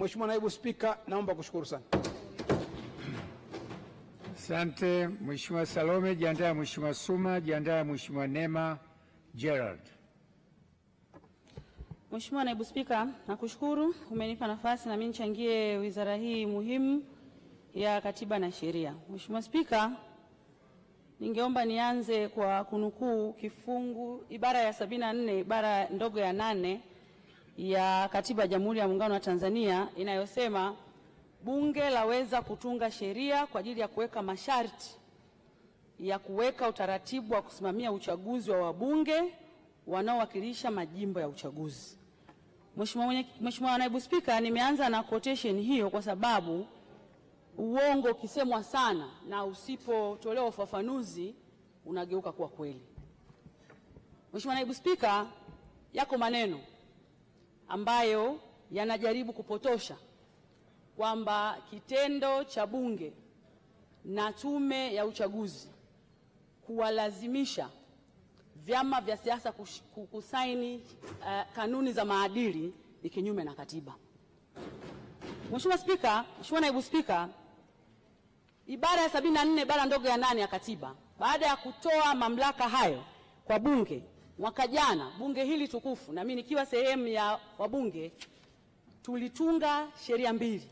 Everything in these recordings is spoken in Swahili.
Mheshimiwa Naibu Spika, naomba kushukuru sana. Asante Mheshimiwa Salome, jiandae Mheshimiwa Suma, jiandae Mheshimiwa Nema Gerald. Mheshimiwa Naibu Spika, nakushukuru umenipa nafasi na mimi nichangie wizara hii muhimu ya Katiba na Sheria. Mheshimiwa Spika, ningeomba nianze kwa kunukuu kifungu ibara ya sabini na nne ibara ndogo ya nane ya Katiba ya Jamhuri ya Muungano wa Tanzania inayosema bunge laweza kutunga sheria kwa ajili ya kuweka masharti ya kuweka utaratibu wa kusimamia uchaguzi wa wabunge wanaowakilisha majimbo ya uchaguzi. Mheshimiwa Naibu Spika, nimeanza na quotation hiyo kwa sababu uongo ukisemwa sana na usipotolewa ufafanuzi unageuka kuwa kweli. Mheshimiwa Naibu Spika, yako maneno ambayo yanajaribu kupotosha kwamba kitendo cha Bunge na Tume ya Uchaguzi kuwalazimisha vyama vya siasa kusaini uh, kanuni za maadili ni kinyume na katiba. Mheshimiwa Spika, Mheshimiwa Naibu Spika, ibara ya 74 ibara ndogo ya nane ya katiba baada ya kutoa mamlaka hayo kwa bunge Mwaka jana bunge hili tukufu na mimi nikiwa sehemu ya wabunge tulitunga sheria mbili,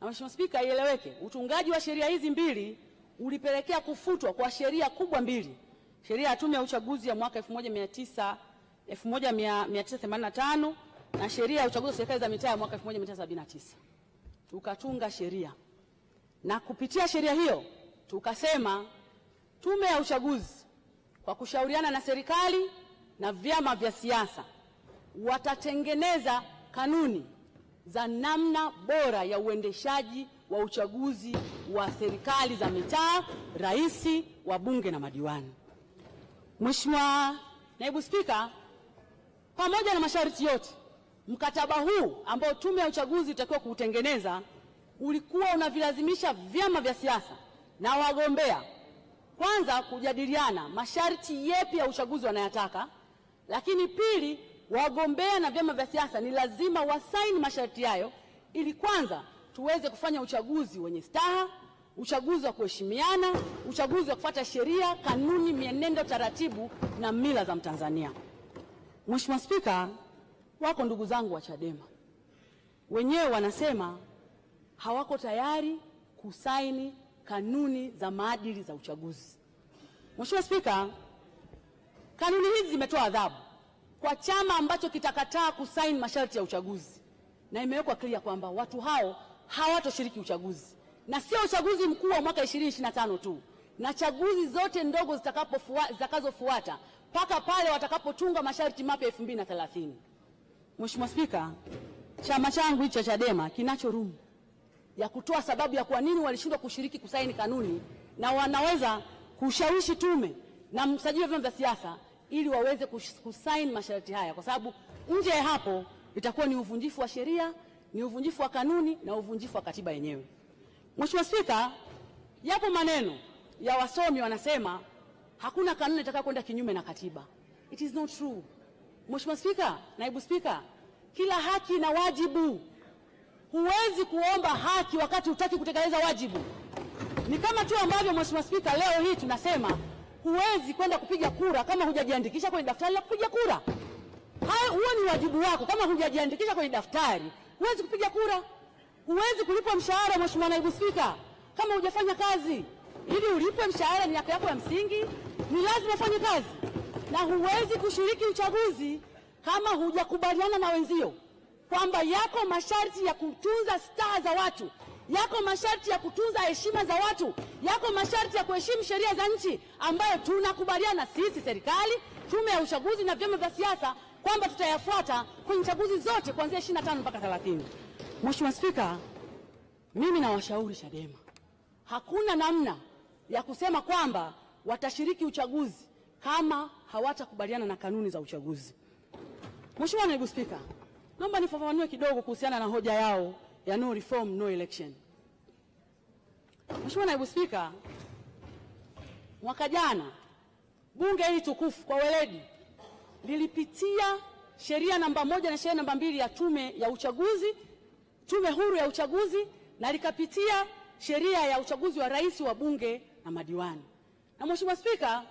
na Mheshimiwa Spika, ieleweke, utungaji wa sheria hizi mbili ulipelekea kufutwa kwa sheria kubwa mbili, sheria ya tume ya uchaguzi ya mwaka 1985 na sheria ya uchaguzi wa serikali za mitaa ya mwaka 1979. Tukatunga sheria na kupitia sheria hiyo tukasema tume ya uchaguzi kwa kushauriana na serikali na vyama vya siasa watatengeneza kanuni za namna bora ya uendeshaji wa uchaguzi wa serikali za mitaa, rais, wabunge na madiwani. Mheshimiwa Naibu Spika, pamoja na masharti yote, mkataba huu ambao tume ya uchaguzi ilitakiwa kuutengeneza ulikuwa unavilazimisha vyama vya siasa na wagombea kwanza kujadiliana masharti yepi ya uchaguzi wanayataka, lakini pili, wagombea na vyama vya siasa ni lazima wasaini masharti hayo, ili kwanza tuweze kufanya uchaguzi wenye staha, uchaguzi wa kuheshimiana, uchaguzi wa kufuata sheria, kanuni, mienendo, taratibu na mila za Mtanzania. Mheshimiwa Spika, wako ndugu zangu wa Chadema wenyewe wanasema hawako tayari kusaini kanuni za maadili za uchaguzi. Mheshimiwa Spika, Kanuni hizi zimetoa adhabu kwa chama ambacho kitakataa kusaini masharti ya uchaguzi, na imewekwa clear kwamba watu hao hawatoshiriki uchaguzi, na sio uchaguzi mkuu wa mwaka 2025 tu, na chaguzi zote ndogo zitakazofuata mpaka pale watakapotunga masharti mapya 2030. Mheshimiwa Spika, chama changu hicho cha Chadema kinacho room ya kutoa sababu ya kwa nini walishindwa kushiriki kusaini kanuni, na wanaweza kushawishi tume na msajili wa vyama vya siasa ili waweze kusaini masharti haya, kwa sababu nje ya hapo itakuwa ni uvunjifu wa sheria, ni uvunjifu wa kanuni na uvunjifu wa katiba yenyewe. Mheshimiwa Spika, yapo maneno ya wasomi wanasema hakuna kanuni kwenda kinyume na katiba. It is not true. Mheshimiwa Spika, naibu spika, kila haki na wajibu. Huwezi kuomba haki wakati hutaki kutekeleza wajibu. Ni kama tu ambavyo Mheshimiwa Spika, leo hii tunasema Huwezi kwenda kupiga kura kama hujajiandikisha kwenye daftari la kupiga kura. Huo ni wajibu wako. Kama hujajiandikisha kwenye daftari, huwezi kupiga kura. Huwezi kulipwa mshahara, Mheshimiwa Naibu Spika, kama hujafanya kazi. Ili ulipwe mshahara, ni yako ya msingi, ni lazima ufanye kazi, na huwezi kushiriki uchaguzi kama hujakubaliana na wenzio kwamba yako masharti ya kutunza staa za watu. Yako masharti ya kutunza heshima za watu, yako masharti ya kuheshimu sheria za nchi ambayo tunakubaliana sisi, serikali, tume ya uchaguzi na vyama vya siasa kwamba tutayafuata kwenye chaguzi zote kuanzia 25 mpaka 30. Mheshimiwa Spika, mimi nawashauri Chadema, hakuna namna ya kusema kwamba watashiriki uchaguzi kama hawatakubaliana na kanuni za uchaguzi. Mheshimiwa Naibu Spika, naomba nifafanue kidogo kuhusiana na hoja yao ya no reform no election. Mheshimiwa Naibu Spika, mwaka jana bunge hili tukufu kwa weledi lilipitia sheria namba moja na sheria namba mbili ya tume ya uchaguzi, tume huru ya uchaguzi, na likapitia sheria ya uchaguzi wa rais wa bunge na madiwani. Na Mheshimiwa Spika,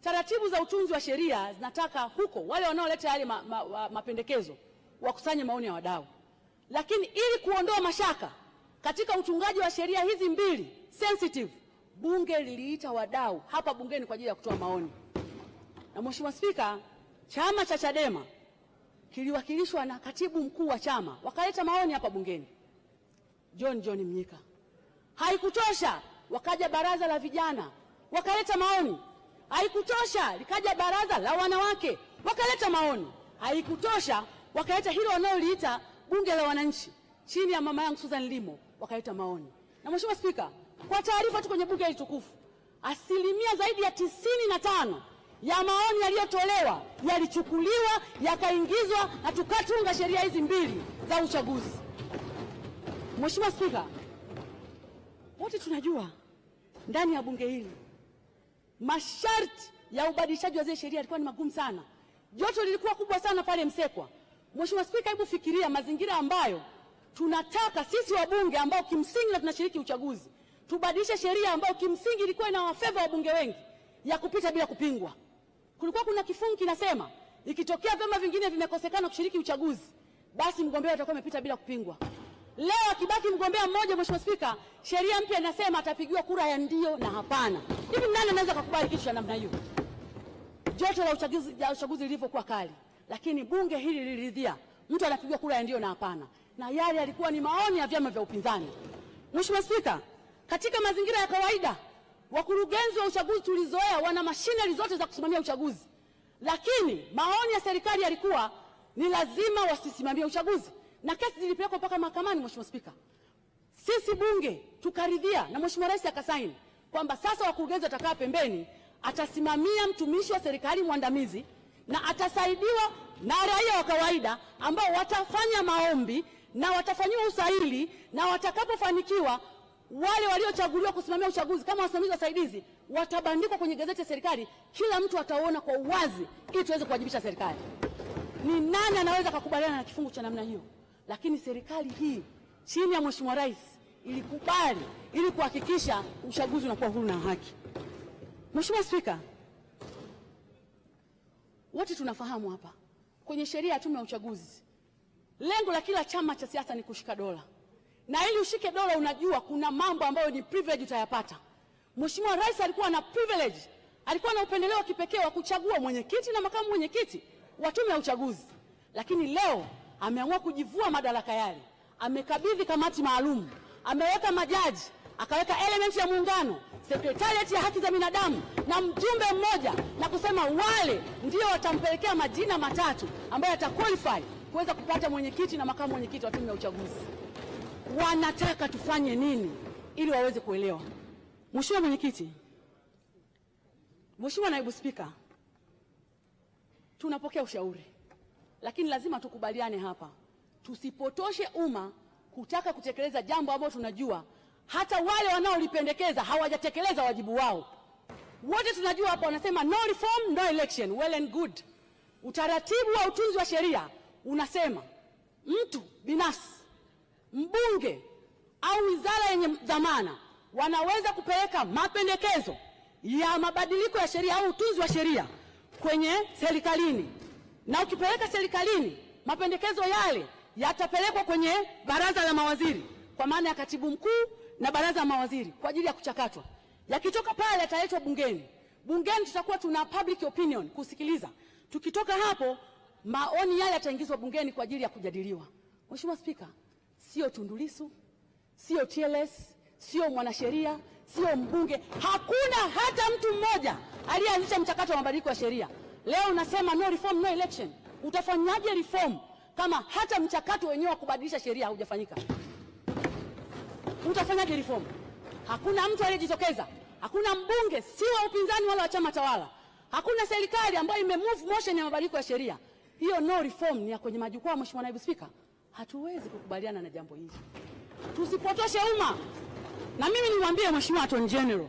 taratibu za utunzi wa sheria zinataka huko wale wanaoleta yale ma, ma, ma, mapendekezo wakusanye maoni ya wadau. Lakini ili kuondoa mashaka katika utungaji wa sheria hizi mbili sensitive, bunge liliita wadau hapa bungeni kwa ajili ya kutoa maoni, na Mheshimiwa Spika, chama cha Chadema kiliwakilishwa na katibu mkuu wa chama, wakaleta maoni hapa bungeni, John John Mnyika. Haikutosha, wakaja baraza la vijana wakaleta maoni. Haikutosha, likaja baraza la wanawake wakaleta maoni. Haikutosha, wakaleta hilo wanaoliita bunge la wananchi chini ya mama yangu Susan Limo wakaleta maoni, na Mheshimiwa Spika, kwa taarifa tu kwenye bunge hili tukufu, asilimia zaidi ya tisini na tano ya maoni yaliyotolewa yalichukuliwa yakaingizwa na tukatunga sheria hizi mbili za uchaguzi. Mheshimiwa Spika, wote tunajua ndani ya bunge hili masharti ya ubadilishaji wa zile sheria yalikuwa ni magumu sana. Joto lilikuwa kubwa sana pale Msekwa. Mheshimiwa Spika, hebu fikiria mazingira ambayo tunataka sisi wabunge ambao kimsingi na tunashiriki uchaguzi tubadilishe sheria ambayo kimsingi ilikuwa ina wafeva wabunge wengi ya kupita bila kupingwa. Kulikuwa kuna kifungu kinasema ikitokea vyama vingine vimekosekana kushiriki uchaguzi, basi mgombea atakuwa amepita bila kupingwa. Leo akibaki mgombea mmoja, Mheshimiwa Spika, sheria mpya inasema atapigiwa kura ya ndio na hapana. Hivi nani anaweza kukubali kitu cha namna hiyo? Joto la uchaguzi lilivyokuwa kali lakini bunge hili liliridhia mtu anapigwa kura ya ndio na hapana, na yale yalikuwa ni maoni ya vyama vya upinzani. Mheshimiwa Spika, katika mazingira ya kawaida wakurugenzi wa uchaguzi tulizoea wana mashine zote za kusimamia uchaguzi, lakini maoni ya serikali yalikuwa ni lazima wasisimamie uchaguzi, na kesi zilipelekwa mpaka mahakamani. Mheshimiwa Spika, sisi bunge tukaridhia na Mheshimiwa Rais akasaini kwamba sasa wakurugenzi watakaa pembeni, atasimamia mtumishi wa serikali mwandamizi na atasaidiwa na raia wa kawaida ambao watafanya maombi na watafanyiwa usaili, na watakapofanikiwa wale waliochaguliwa kusimamia uchaguzi kama wasimamizi wasaidizi watabandikwa kwenye gazeti ya serikali, kila mtu ataona kwa uwazi, ili tuweze kuwajibisha serikali. Ni nani anaweza kukubaliana na kifungu cha namna hiyo? Lakini serikali hii chini ya Mheshimiwa Rais ilikubali ili kuhakikisha uchaguzi unakuwa huru na haki. Mheshimiwa Spika, wote tunafahamu hapa kwenye sheria ya tume ya uchaguzi, lengo la kila chama cha siasa ni kushika dola, na ili ushike dola, unajua kuna mambo ambayo ni privilege utayapata. Mheshimiwa Rais alikuwa na privilege, alikuwa na upendeleo wa kipekee wa kuchagua mwenyekiti na makamu mwenyekiti wa tume ya uchaguzi, lakini leo ameamua kujivua madaraka yale, amekabidhi kamati maalum, ameweka majaji akaweka elementi ya muungano, sekretariati ya haki za binadamu na mjumbe mmoja, na kusema wale ndio watampelekea majina matatu ambayo yatakwalify kuweza kupata mwenyekiti na makamu mwenyekiti wa tume ya uchaguzi. Wanataka tufanye nini ili waweze kuelewa? Mheshimiwa Mwenyekiti, Mheshimiwa Naibu Spika, tunapokea ushauri, lakini lazima tukubaliane hapa, tusipotoshe umma kutaka kutekeleza jambo ambalo tunajua hata wale wanaolipendekeza hawajatekeleza wajibu wao. Wote tunajua hapa wanasema no reform no election. Well and good. Utaratibu wa utunzi wa sheria unasema mtu binafsi, mbunge au wizara yenye dhamana wanaweza kupeleka mapendekezo ya mabadiliko ya sheria au utunzi wa sheria kwenye serikalini, na ukipeleka serikalini mapendekezo yale yatapelekwa kwenye baraza la mawaziri kwa maana ya katibu mkuu na baraza la mawaziri kwa ajili ya kuchakatwa. Yakitoka pale yataletwa bungeni, bungeni tutakuwa tuna public opinion kusikiliza. Tukitoka hapo, maoni yale yataingizwa bungeni kwa ajili ya kujadiliwa. Mheshimiwa Spika, sio Tundu Lissu, sio TLS, sio mwanasheria, sio mbunge, hakuna hata mtu mmoja aliyeanzisha mchakato wa mabadiliko ya sheria. Leo unasema no reform no election. Utafanyaje reform kama hata mchakato wenyewe wa kubadilisha sheria haujafanyika? mtafanyaje reform? Hakuna mtu aliyejitokeza, hakuna mbunge, si wa upinzani wala wa chama tawala, hakuna serikali ambayo imemove motion ya mabadiliko ya sheria. Hiyo no reform ni ya kwenye majukwaa. Mheshimiwa Naibu Spika, hatuwezi kukubaliana na jambo hili, tusipotoshe umma. Na mimi nimwambie Mheshimiwa Attorney General,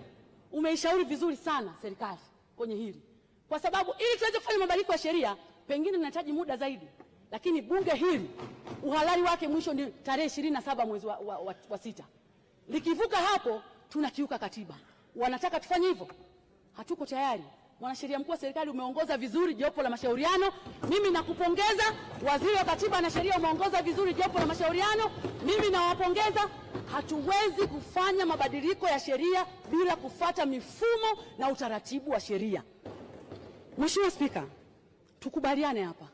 umeishauri vizuri sana serikali kwenye hili, kwa sababu ili tuweze kufanya mabadiliko ya sheria pengine linahitaji muda zaidi, lakini bunge hili uhalali wake mwisho ni tarehe ishirini na saba mwezi wa, wa, wa, wa sita. Likivuka hapo tunakiuka katiba. Wanataka tufanye hivyo, hatuko tayari. Mwanasheria mkuu wa serikali, umeongoza vizuri jopo la mashauriano, mimi nakupongeza. Waziri wa katiba na sheria, umeongoza vizuri jopo la mashauriano, mimi nawapongeza. Hatuwezi kufanya mabadiliko ya sheria bila kufata mifumo na utaratibu wa sheria. Mheshimiwa Spika, tukubaliane hapa,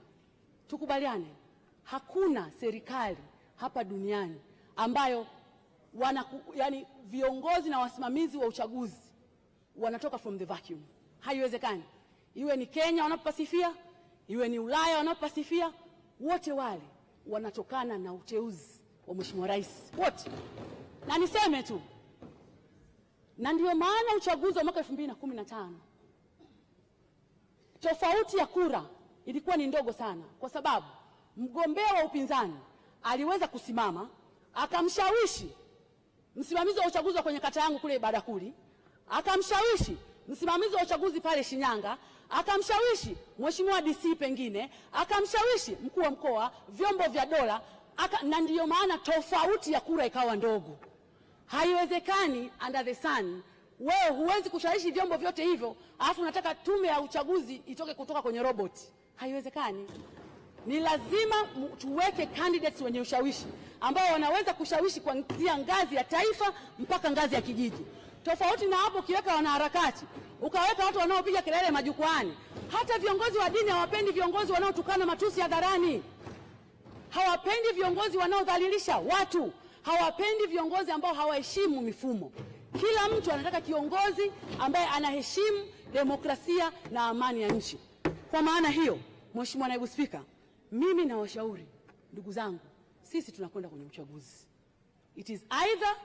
tukubaliane, hakuna serikali hapa duniani ambayo wanaku, yani viongozi na wasimamizi wa uchaguzi wanatoka from the vacuum. Haiwezekani, iwe ni Kenya wanapopasifia, iwe ni Ulaya wanapopasifia, wote wale wanatokana na uteuzi wa Mheshimiwa Rais wote. Na niseme tu, na ndio maana uchaguzi wa mwaka elfu mbili na kumi na tano tofauti ya kura ilikuwa ni ndogo sana, kwa sababu mgombea wa upinzani aliweza kusimama akamshawishi msimamizi wa uchaguzi wa kwenye kata yangu kule Badakuli, akamshawishi msimamizi wa uchaguzi pale Shinyanga akamshawishi mheshimiwa DC, pengine akamshawishi mkuu wa mkoa, vyombo vya dola, na ndiyo maana tofauti ya kura ikawa ndogo. Haiwezekani under the sun, wewe huwezi kushawishi vyombo vyote hivyo, alafu unataka tume ya uchaguzi itoke kutoka kwenye roboti. Haiwezekani. Ni lazima tuweke candidates wenye ushawishi ambao wanaweza kushawishi kuanzia ngazi ya taifa mpaka ngazi ya kijiji, tofauti na hapo ukiweka wanaharakati ukaweka watu wanaopiga kelele majukwaani. Hata viongozi wa dini hawapendi viongozi wanaotukana matusi hadharani, hawapendi viongozi wanaodhalilisha watu, hawapendi viongozi ambao hawaheshimu mifumo. Kila mtu anataka kiongozi ambaye anaheshimu demokrasia na amani ya nchi. Kwa maana hiyo, Mheshimiwa Naibu Spika, mimi nawashauri ndugu zangu, sisi tunakwenda kwenye uchaguzi, it is either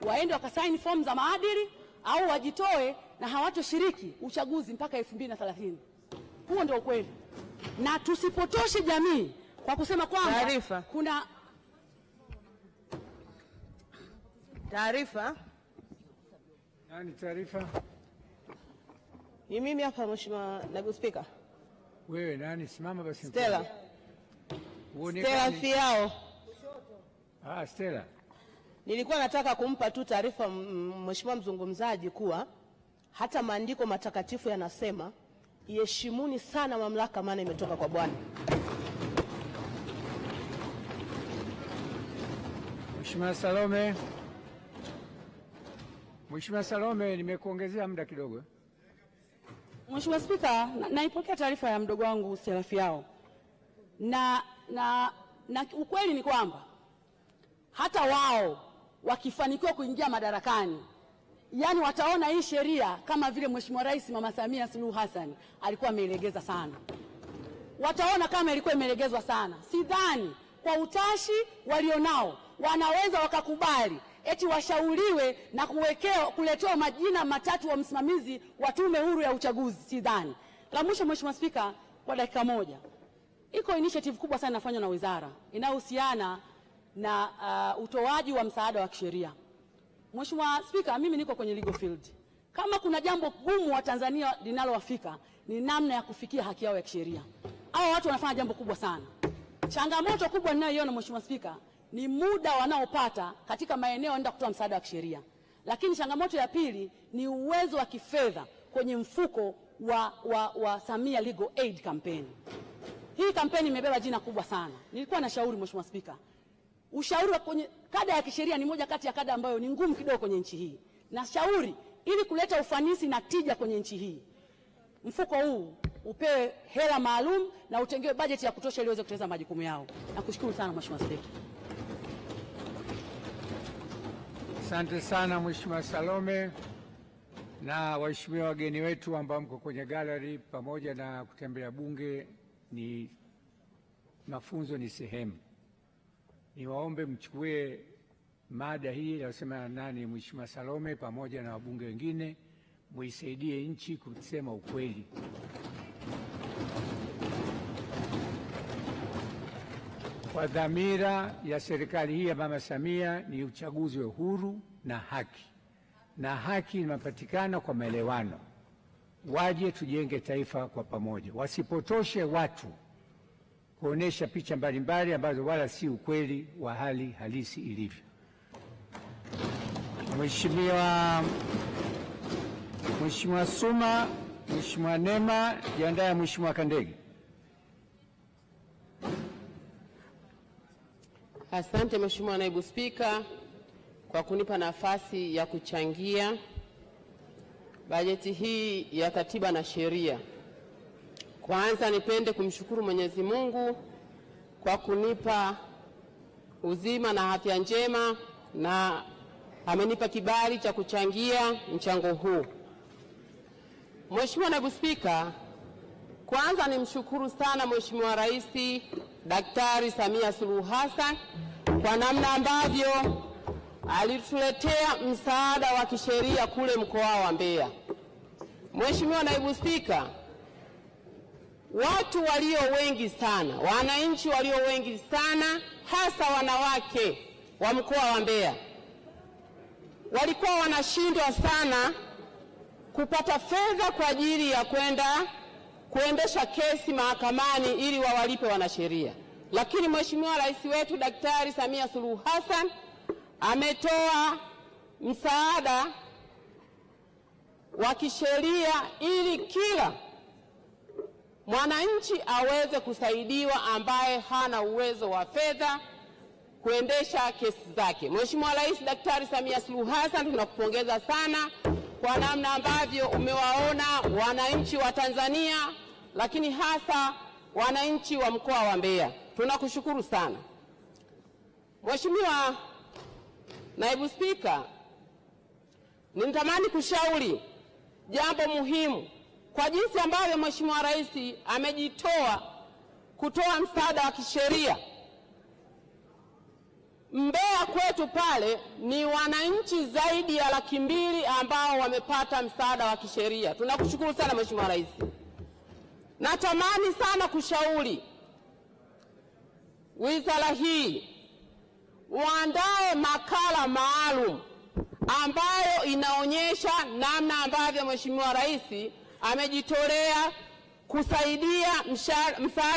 waende wakasaini fomu za maadili au wajitoe na hawatoshiriki uchaguzi mpaka elfu mbili na thelathini. Huo ndio ukweli, na tusipotoshe jamii kwa kusema kwamba taarifa kuna taarifa nani, taarifa ni mimi hapa, Mheshimiwa Naibu Spika. Wewe nani? Simama basi Stella. Stella Fiao. Ah, Stella. Nilikuwa nataka kumpa tu taarifa Mheshimiwa mzungumzaji kuwa hata maandiko matakatifu yanasema iheshimuni sana mamlaka, maana imetoka kwa Bwana. Mheshimiwa Salome. Mheshimiwa Salome, nimekuongezea muda kidogo. Mheshimiwa Spika, naipokea taarifa ya mdogo wangu Serafiao na na, na ukweli ni kwamba hata wao wakifanikiwa kuingia madarakani, yani wataona hii sheria kama vile Mheshimiwa Rais Mama Samia Suluhu Hassan alikuwa amelegeza sana, wataona kama ilikuwa imelegezwa sana. Sidhani kwa utashi walionao wanaweza wakakubali eti washauriwe na kuwekewa kuletewa majina matatu wa msimamizi wa Tume Huru ya Uchaguzi. Sidhani. La mwisho, Mheshimiwa Spika, kwa dakika moja Iko initiative kubwa sana inafanywa na wizara inayohusiana na uh, utoaji wa msaada wa kisheria. Mheshimiwa Spika, mimi niko kwenye legal field. Kama kuna jambo gumu wa Tanzania linalowafika ni namna ya kufikia haki yao ya kisheria. Hao watu wanafanya jambo kubwa sana. Changamoto kubwa ninayoiona Mheshimiwa Spika ni muda wanaopata katika maeneo enda kutoa msaada wa kisheria, lakini changamoto ya pili ni uwezo wa kifedha kwenye mfuko wa, wa, wa Samia Legal Aid Campaign. Hii kampeni imebeba jina kubwa sana. Nilikuwa na shauri Mheshimiwa Spika, ushauri wa kwenye kada ya kisheria ni moja kati ya kada ambayo ni ngumu kidogo kwenye nchi hii, na shauri ili kuleta ufanisi na tija kwenye nchi hii, mfuko huu upewe hela maalum na utengewe bajeti ya kutosha ili uweze kutekeleza majukumu yao. Nakushukuru sana Mheshimiwa Spika. Asante sana Mheshimiwa Salome na waheshimiwa wageni wetu ambao mko kwenye gallery pamoja na kutembelea bunge ni mafunzo ni sehemu. Niwaombe mchukue mada hii inayosema nani, Mheshimiwa Salome pamoja na wabunge wengine, muisaidie nchi kusema ukweli. Kwa dhamira ya serikali hii ya Mama Samia ni uchaguzi wa uhuru na haki, na haki inapatikana kwa maelewano waje tujenge taifa kwa pamoja, wasipotoshe watu kuonesha picha mbalimbali ambazo wala si ukweli wa hali halisi ilivyo. Mheshimiwa Mheshimiwa Suma, Mheshimiwa Nema, jiandae Mheshimiwa Kandege. Asante Mheshimiwa Naibu Spika kwa kunipa nafasi ya kuchangia Bajeti hii ya katiba na sheria. Kwanza nipende kumshukuru Mwenyezi Mungu kwa kunipa uzima na afya njema na amenipa kibali cha kuchangia mchango huu. Mheshimiwa Naibu Spika, kwanza nimshukuru sana Mheshimiwa Rais Daktari Samia Suluhu Hassan kwa namna ambavyo alituletea msaada wa kisheria kule mkoa wa Mbeya. Mheshimiwa Naibu Spika, watu walio wengi sana, wananchi walio wengi sana, hasa wanawake wa mkoa wa Mbeya walikuwa wanashindwa sana kupata fedha kwa ajili ya kwenda kuendesha kesi mahakamani ili wawalipe wanasheria, lakini Mheshimiwa Rais wetu Daktari Samia Suluhu Hassan ametoa msaada wa kisheria ili kila mwananchi aweze kusaidiwa ambaye hana uwezo wa fedha kuendesha kesi zake. Mheshimiwa Rais Daktari Samia Suluhu Hassan, tunakupongeza sana kwa namna ambavyo umewaona wananchi wa Tanzania, lakini hasa wananchi wa mkoa wa Mbeya. Tunakushukuru sana Mheshimiwa Naibu Spika, ninatamani kushauri jambo muhimu kwa jinsi ambavyo Mheshimiwa Rais amejitoa kutoa msaada wa kisheria. Mbeya kwetu pale ni wananchi zaidi ya laki mbili ambao wamepata msaada wa kisheria. Tunakushukuru sana Mheshimiwa Rais. Natamani sana kushauri wizara hii waandae makala maalum ambayo inaonyesha namna ambavyo Mheshimiwa Rais amejitolea kusaidia msaada